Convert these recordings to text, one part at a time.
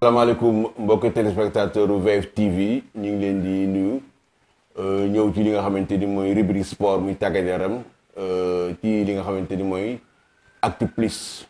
salaamaaleykum mbokki téléspectateur VF TV ñu ngi leen di nuyu euh, ñëw ci li nga xamante ni mooy rubrique sport muy tàggat yaram euh, ci li nga xamante ni mooy actu plus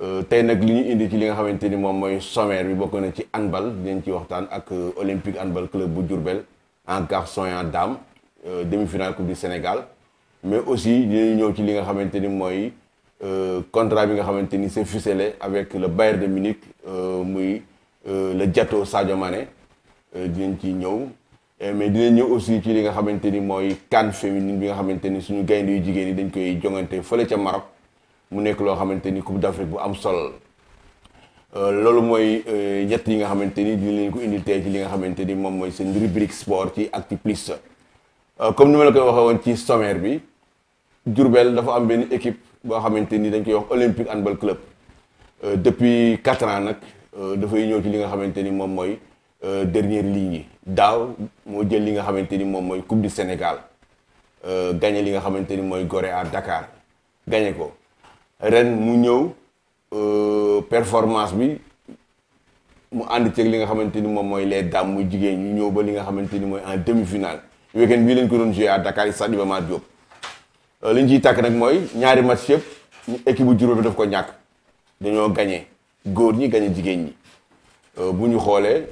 euh, tey nag li ñu indi ci li nga xamante ni moom mooy sommaire bi bokk na ci handball dinañ ci waxtaan ak Olympique handball club bu Diourbel en garçon et en dame demi-finale coupe du Sénégal mais aussi dinañ ñëw ci li nga xamante ni mooy. Euh, contrat bi nga xamante ni c'est ficelé avec le Bayern de Munich euh, muy euh, le Diato Sadio Mané dinañ ci ñëw mais dinañ ñëw aussi ci li nga xamante ni mooy CAN féminine bi nga xamante ni suñu gaynde yu jigéen yi dañ koy jongante fële ca Maroc mu nekk loo xamante ni Coupe d'Afrique bu am solo loolu mooy ñett yi nga xamante ni dina leen ko indil tey ci li nga xamante ni moom mooy seen rubrique sport ci Actu Plus comme ni ma la koy waxee woon ci sommaire bi Diourbel dafa am benn équipe boo xamante ni dañ koy wax Olympique handball club euh, depuis quatre ans nag euh, dafay ñëw ci li nga xamante ni moom mooy euh, dernière ligne yi daaw moo jël li nga xamante ni moom mooy coupe du Sénégal gagné li nga xamante ni mooy Gorée à Dakar gagné ko ren mu ñëw performance bi mu ànd ceeg li nga xamante ni moom mooy les dames muy jigéen ñu ñëw ba li nga xamante ni mooy en demi-finale weekend bii lañ ko doon joué à Dakar Stade Iba Mar Diop Euh, li ñu ciy tàkk nag mooy ñaari match yëpp équipe bu juróom bi daf ko ñàkk dañoo gañe góor ñi gañe jigéen ñi euh, bu ñu xoolee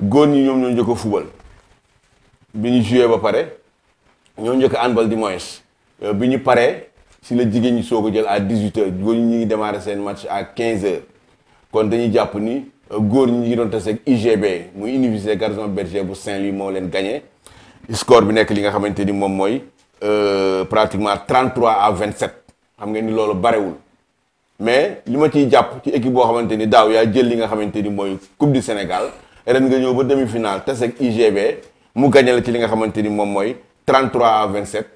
góor ñi ñoom ñoo njëkk a fubal bi ñu joué ba pare ñoo njëkk a handball di moins euh, bi ñu paree si la jigéen ñi soog a jël à 18 heures góor ñi ñu ngi démarré seen match à 15 heures kon dañu jàpp ni góor ñi ñu ngi doon tase ak UGB muy université Gaston Berger bu Saint-Louis moo leen gañe score bi nekk li nga xamante ni moom mooy. Euh, pratiquement 33 à 27 xam nga ni loolu barewul mais li ma ciy jàpp ci équipe boo xamante ni daaw yaa jël li nga xamante ni mooy coupe du Sénégal ren nga ñëw ba demi-finale tase ak mu gagné la li nga xamante ni moom mooy 33 à 27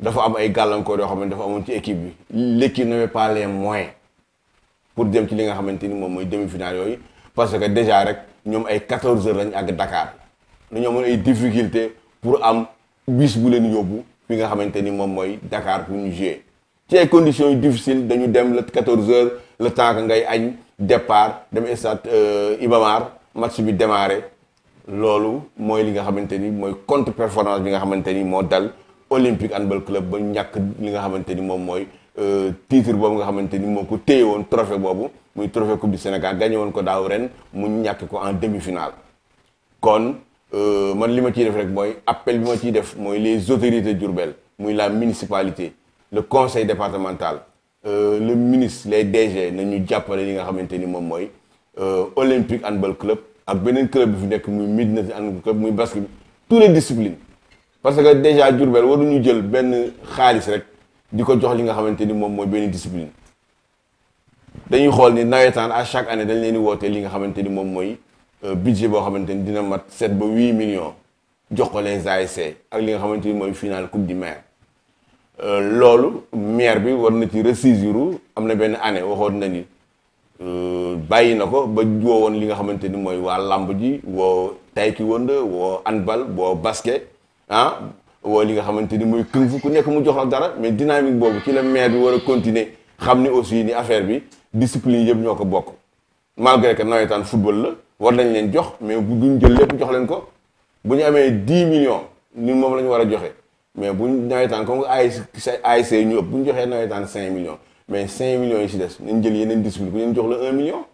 dafa am ay gàllankoor yoo xam ne dafa amoon ci équipe bi l'équipe n'avait pas les moyens pour dem ci li nga xamante ni moom mooy demi-finale yooyu parce que déjà rek ñoom ay 14 heures lañ ak Dakar dañoo amoon ay difficultés pour am bis bu leen yóbbu. fi nga xamante ni moom mooy Dakar fu ñu joué ci ay conditions yu difficile dañu dem le 14 heures le temps ngay añ départ dem stade euh, Iba Mar match bi démarré loolu mooy li nga xamante ni mooy contre performance bi nga xamante ni moo dal Olympique Handball Club ba ñàkk li nga xamante ni moom mooy euh, titre boobu nga xamante ni moo ko téye woon trophée boobu muy trophée coupe Sénégal gagné woon ko daaw ren mu ñàkk ko en demi-finale kon. Euh, man li ma ciy def rek mooy appel bi ma ciy def mooy les autorités Diourbel muy la municipalité le conseil départemental euh, le ministre les na ñu jàppale li nga xamante ni moom mooy euh, Olympique handball club ak beneen club bi fi nekk muy Medina handball club muy basket tous les disciplines parce que déjà Diourbel waruñu jël benn xaalis rek di ko jox li nga xamante ni moom mooy benn discipline dañuy xool ni nawetaan à chaque année dañ leen di li nga xamante ni moom mooy Euh, budget bo xamanteni dina mat 7 ba 8 millions jox ko les ASC ak li nga xamanteni moy final coupe du maire euh lolu maire bi war na ci ressaisiru am na année waxoon na ni euh na ko ba woo woon li nga xamante ni mooy waa wo ji woo taekwondo woo handball bo basket hein ah, wo li nga xamanteni moy mooy ku nek mu jox ak dara mais dynamique bobu ci la maire bi wara continuer xamni aussi ni affaire bi discipline yeb ñoko bok malgré que nawetaan football la. war nañ leen jox mais bu duñ jël lépp jox leen ko bu ñu amee dix millions ñun moom lañu war a joxe mais buñ nawetaan comme ASC ñu ëpp bu ñu joxee nawetaan cinq millions mais cinq millions yi si des nañ jël yeneen discipline ku leen jox la un million.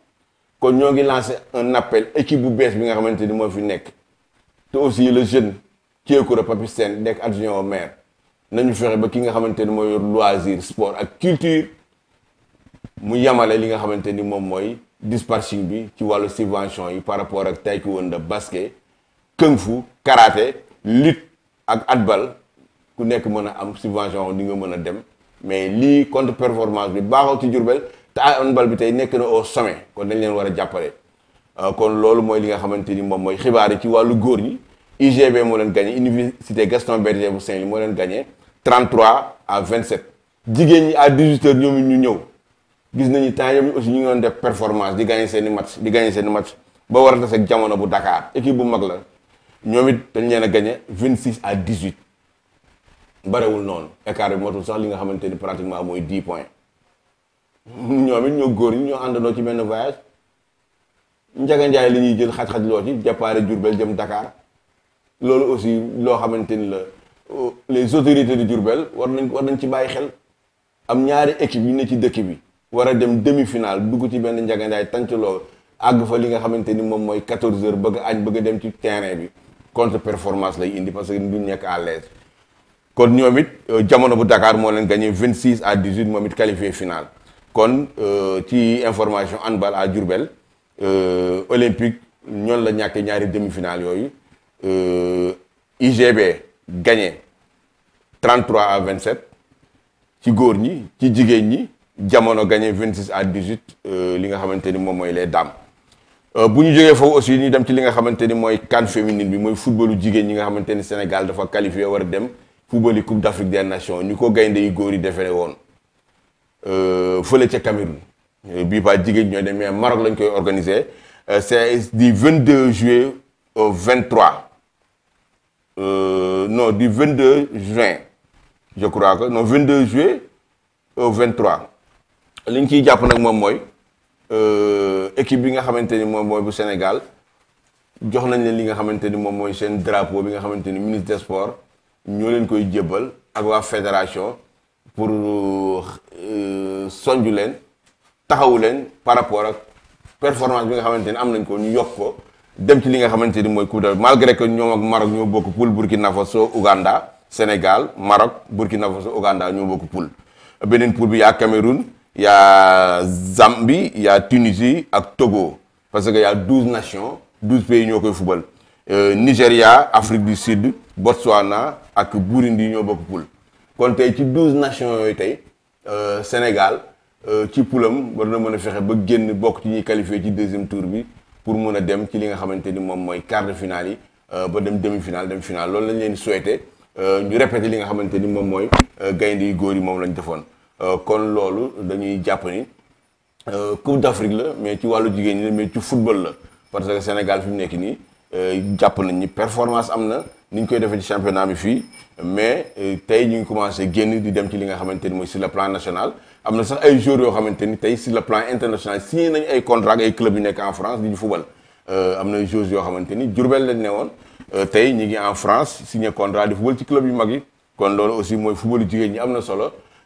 kon ñoo ngi lancé un appel équipe bu bees bi nga xamante ni moo fi nekk te aussi le jeune Thiékoura Papy nekk adjoint au maire nañu fexe ba ki nga xamante ni mooy loisir sport ak culture mu yamale li nga xamante ni moom mooy. dispatching bi ci walu subvention yi par rapport ak taekwondo basket kung fu karaté lutte ak handball ku nek mën am subvention di nga mën dem mais li contre performance bi baaxoo ci ta on bal bi tay nek na au sommet kon dañ leen wara jappalé jàppale euh, kon loolu moy li nga xamanteni mom moy xibaari ci walu goor ñi IGB mo leen gagné université Gaston Berger bu Saint-Louis moo leen gagné 33 à 27 jigéen ñi à 18 h ñoom ñu ñëw. gis nañu temps yëpp aussi ñu ngi doon def performance di gagné seen i match di gagné seen i match ba war a tase jamono bu Dakar équipe bu mag la ñoom it dañ leen a gagné vingt six à dix huit barewul noonu écart bi motul sax li nga xamante ni pratiquement mooy dix points ñoomit it ñoo góor ñi ñoo àndandoo ci benn voyage Njaga Njaay li ñuy jël xaj-xaj loo ci départ Diourbel jëm Dakar loolu aussi loo xamante ni la euh, les autorités de Diourbel war nañ war nañ ci bàyyi xel am ñaari équipe yu ne ci dëkk bi. war a dem demi-finale dugg ci benn njagandaay tànc loolu àgg fa li nga xamante ni moom mooy 14 heures bëgg añ bëgg dem ci terrain bi contre performance lay indi parce que duñ nekk à l'aise kon ñoom it euh, jamono bu Dakar moo leen vingt 26 à 18 moom it qualifié finale kon euh, ci information handball à Diourbel euh, olympique ñoon la ñàkkee ñaari demi-finale yooyu IGB gagné 33 à 27 ci góor ñi ci jigéen ñi. a gagné 26 à 18 euh, li nga xamante les dames Pour euh, les jógee foofu aussi ñu dem ci li nga xamante ni CAN féminine bi football footballu jigéen ñi Sénégal dafa qualifié qualifier dem football yi Coupe d'Afrique des Nations Nous gagné de yu de yi defee woon euh, fële Cameroun bii ba jigéen ñooy dem mais Maroc lañ organiser c'est du 22 juillet au 23 non du 22 juin je crois que non 22 juillet au 23 liñ ñu ciy jàpp nag moom mooy euh, équipe bi nga xamante ni moom mooy bu Sénégal jox nañ leen li nga xamante ni moom mooy seen drapeau bi nga xamante ni ministre des sports ñoo leen koy jébbal ak waa fédération pour euh, sonju leen taxawu leen par rapport ak performance bi nga xamante ni am nañ ko ñu yokk ko dem ci li nga xamante ni mooy coupe d'Afrique malgré que ñoom ak Maroc ñoo bokk poule Burkina Faso Ouganda Sénégal Maroc Burkina Faso Ouganda ñoo bokk poule beneen poule bi yaa Cameroun. Il y a Zambie, il y a Tunisie et Togo. Parce qu'il y a 12 nations, 12 pays qui ont le football. Euh, Nigeria, Afrique du Sud, Botswana et Burundi ont le football. Quand il y a 12 nations, euh, Sénégal, euh, ci poulam war na mën a fexe ba génn bokk ci ci deuxième tour pour qu'ils a dem ci li nga quart de finale yi euh, ba demi finale dem finale loolu lañ leen souhaité ñu répéter li nga xamante ni moom mooy gaynde yi góor yi euh, kon loolu dañuy jàpp ni euh, Coupe d'Afrique la mais ci wàllu jigéen ñi la mais ci football la parce que Sénégal fi mu nekk ni euh, jàpp nañ ni performance am na ni ñu koy defee ci championnat bi fii mais tey ñu ngi commencé génn di dem ci li nga xamante ni mooy sur le plan national am na sax ay joueurs yoo xamante ni tey sur le plan international signé nañ ay contrat ay club yu nekk en France di ñu fubal am na joueurs yoo xamante ni Diourbel lañ ne woon tey ñu ngi en France signé contrat di football ci club yu mag yi kon loolu aussi mooy football jigéen ñi am na solo.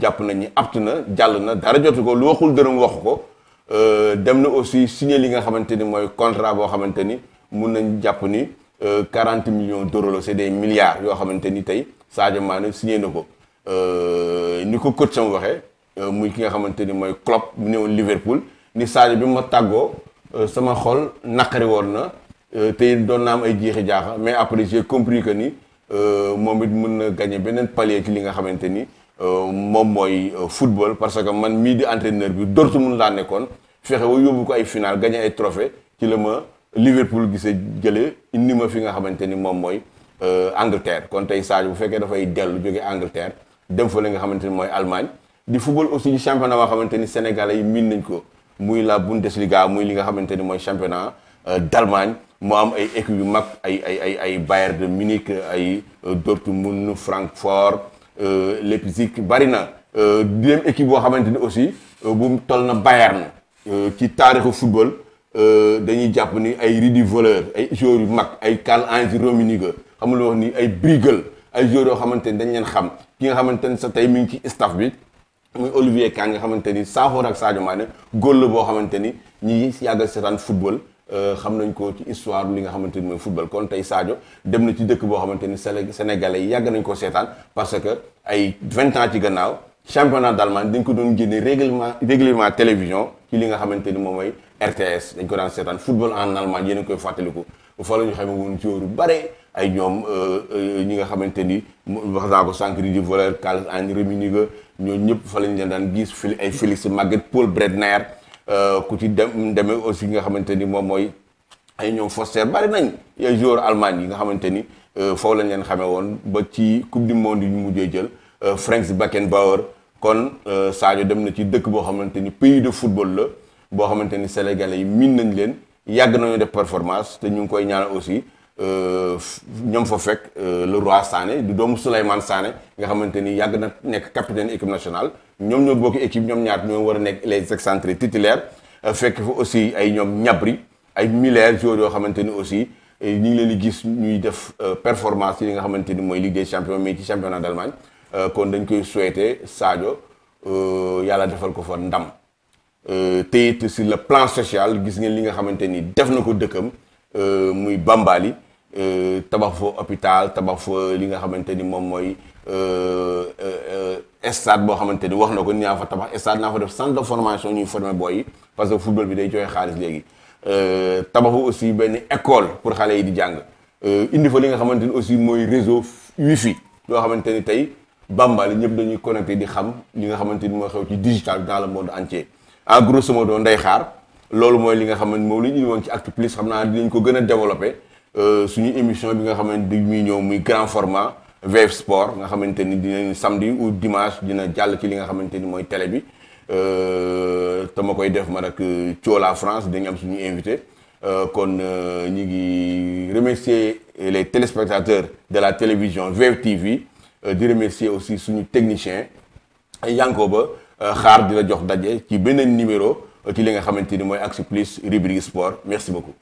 jàpp nañ ni apt na jàll na dara jotu ko lu waxul dërëm wax ko euh, dem na aussi signé li nga xamante ni mooy contrat boo xamante ni mun nañ jàpp ni 40 euh, millions d'euros la des milliards yoo xamante ni tey Sadio Mané signé na ko euh, ni ko coach sam waxee muy ki nga xamante ni mooy Klopp mu newoon Liverpool ni Sadio bi ma tàggoo sama xol naqari woon na tey doon naa am ay jeexi jaaxa mais après j'ai compris que ni moom it mun na gagner beneen palier ci li nga xamante ni Euh, moom mooy euh, football parce que man mii di entraîneur bi Dortmund laa nekkoon fexe ba yóbbu ko ay final gagné ay trophée ci la ma Liverpool gisee jëlee indi ma fi nga xamante ni moom mooy euh, Angleterre kon tey Sadio bu fekkee dafay dellu jóge Angleterre dem fa li nga xamante ni mooy Allemagne di football aussi di championnat boo xamante ni Sénégalais yi miin nañ ko muy la Bundesliga muy li nga xamante ni mooy championnat d'Allemagne mu am ay équipe yu mag ay ay ay ay Bayern de Munich ay Dortmund Francfort Euh, Leipzig bari na euh, deuxième équipe boo xamante ni aussi euh, bu toll na Bayern ci taarixu football dañuy jàpp ni ay Rudi Völler ay joueurs yu mag ay Karl-Heinz Rummenigge xam nga wax ni ay Brügel ay joueurs yoo xamante ni dañ leen xam ki nga xamante ni sa tey mi ngi ci staff bi muy Olivier Kahn nga xamante ni Sankhor ak Sadio Mané góol la boo xamante ni ñi yàgg seetaan football. Euh, xam nañ ko ci histoire li nga xamante ni mooy football kon tey Sadio dem na ci dëkk boo xamante ni Sénégalais yi yàgg nañ ko seetaan parce que ay vingt ans ci gannaaw championnat d'Allemagne dañ ko doon génne règlement règlement télévision ci li nga xamante ni moom mooy RTS dañ ko daan seetaan football en Allemagne yéen a koy fàttaliku fa la ñu xamee woon ci wóoru bare ay ñoom euh, euh, ñi nga xamante ni wax naa ko sànq di voleur Karl-Heinz Rummenigge ñoo ñëpp fa lañ leen daan gis fii ay Félix Magath Paul Bredner Euh, ku ci dem demee aussi nga xamante ni moom mooy ay ñoom Foster bari nañ ay joueur Allemagne yi nga xamante ni euh, foofu lañ leen xamee woon ba ci coupe du monde yu mujjee jël euh, Franz Beckenbauer kon Sadio dem na ci dëkk boo xamante ni pays de football la boo xamante ni sénégalais yi miin nañ leen yàgg nañu def performance te ñu ngi koy ñaanal aussi ñoom fa fekk euh, roi Sané du doomu Souleymane Sané nga xamante ni yàgg na nekk capitaine équipe nationale ñoom ñoo bokk équipe ñoom ñaar ñoo war a nekk les excentrés titulaires euh, fekk fa aussi ay ñoom ñabri ay Muller joueurs yoo xamante ni aussi ñu ngi leen di gis ñuy def euh, performance yi nga xamante ni mooy Ligue des champions mais ci championnat d'Allemagne kon dañ koy souhaiter Sadio yàlla defal ko fa ndam te it sur le plan social gis ngeen li nga xamante ni def na ko dëkkam muy Bambali. Euh, tabax foo hôpital tabax fa li nga xamante ni moom mooy euh, euh, stade boo xamante ni wax na ko ni naa fa tabax stade naa fa def centre de formation ñuy former booy yi parce que football bi day joxe xaalis léegi tabaxu aussi benn école pour xale yi di jàng indi fa li nga xamante ni aussi mooy réseau wifi loo xamante ni tey bambali ñëpp dañuy connecté di xam li nga xamante ni mooy xew ci digital daal le monde entier en grosso modo nday xaar loolu mooy li nga xamante moom la ñu woon ci Actu xam naa dinañ ko gën a développé Euh, suñu émission bi nga xamanteni ni muy muy grand format VF Sport nga xamanteni ni samedi ou dimanche dina jall ci li nga xamanteni moy télé bi euh ma koy def man ak euh, Thiola France dañu am suñu invité euh, kon ñi ngi remercier les téléspectateurs de la télévision VF TV di remercier aussi suñu technicien Yankoba xaar di la jox dajé ci benen numéro ci li nga xamanteni moy Axe Plus rubrique sport merci beaucoup.